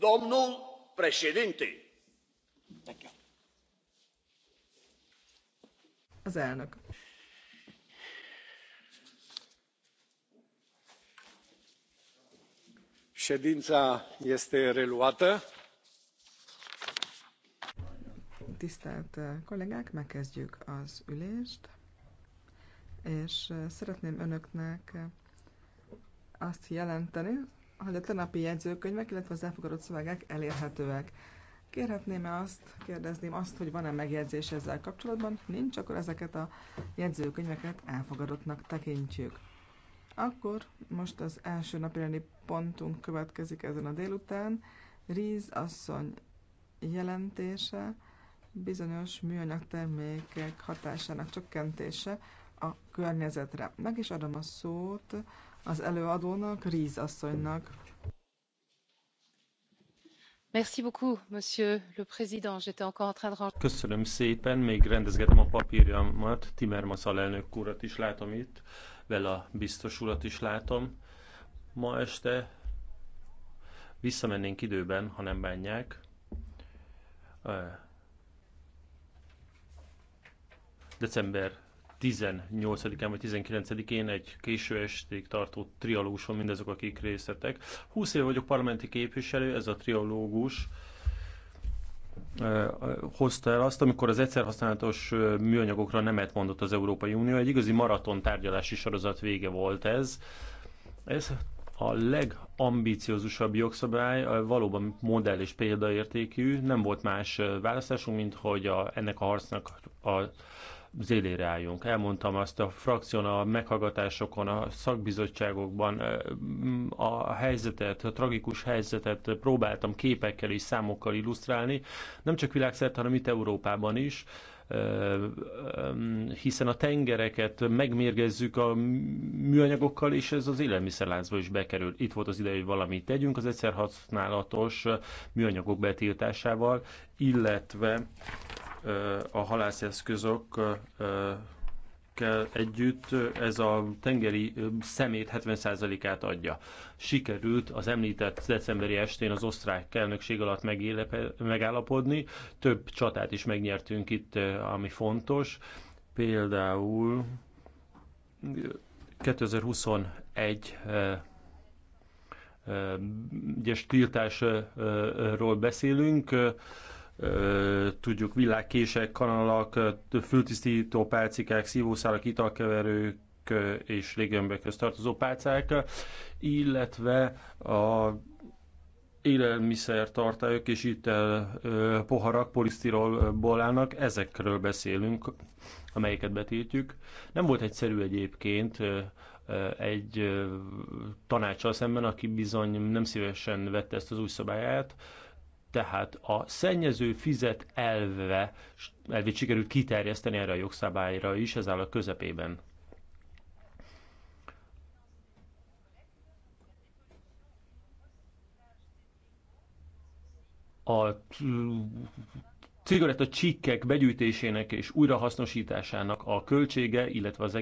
domnul președinte az elnök. ședința este reluată. Tisztelt eh, kollégák, megkezdjük az ülést, és eh, szeretném önöknek eh, azt jelenteni, hogy a tegnapi jegyzőkönyvek, illetve az elfogadott szövegek elérhetőek. Kérhetném-e azt, kérdezném azt, hogy van-e megjegyzés ezzel kapcsolatban? Nincs, akkor ezeket a jegyzőkönyveket elfogadottnak tekintjük. Akkor most az első napirendi pontunk következik ezen a délután. Ríz asszony jelentése, bizonyos műanyag termékek hatásának csökkentése a környezetre. Meg is adom a szót az előadónak, Ríz asszonynak. Merci beaucoup, monsieur le président. J'étais encore en train de... Köszönöm szépen, még rendezgetem a papírjamat, Timmermans alelnök úrat is látom itt, vele a biztos urat is látom. Ma este visszamennénk időben, ha nem bánják. December 18-án vagy 19-én egy késő estig tartó trialóguson mindezok, akik részletek. 20 év vagyok parlamenti képviselő, ez a trialógus hozta el azt, amikor az egyszerhasználatos műanyagokra nemet mondott az Európai Unió. Egy igazi maraton tárgyalási sorozat vége volt ez. Ez a legambiciózusabb jogszabály valóban modell és példaértékű. Nem volt más választásunk, mint hogy a, ennek a harcnak a az élére álljunk. Elmondtam azt a frakción, a meghallgatásokon, a szakbizottságokban a helyzetet, a tragikus helyzetet próbáltam képekkel és számokkal illusztrálni, nem csak világszerte, hanem itt Európában is hiszen a tengereket megmérgezzük a műanyagokkal, és ez az élelmiszerláncba is bekerül. Itt volt az ideje, hogy valamit tegyünk az egyszer használatos műanyagok betiltásával, illetve a halászeszközök együtt ez a tengeri szemét 70%-át adja. Sikerült az említett decemberi estén az osztrák elnökség alatt megélepe, megállapodni, több csatát is megnyertünk itt, ami fontos. Például 2021 egyes tiltásról beszélünk, tudjuk világkések, kanalak, fültisztító pálcikák, szívószálak, italkeverők, és léggömbökhöz tartozó pálcák, illetve a élelmiszer tartályok és ö, poharak polisztirolból állnak, ezekről beszélünk, amelyeket betiltjük. Nem volt egyszerű egyébként egy tanácsal szemben, aki bizony nem szívesen vette ezt az új szabályát, tehát a szennyező fizet elve, elvét sikerült kiterjeszteni erre a jogszabályra is, ez áll a közepében. A cigaretta csikkek begyűjtésének és újrahasznosításának a költsége, illetve az egész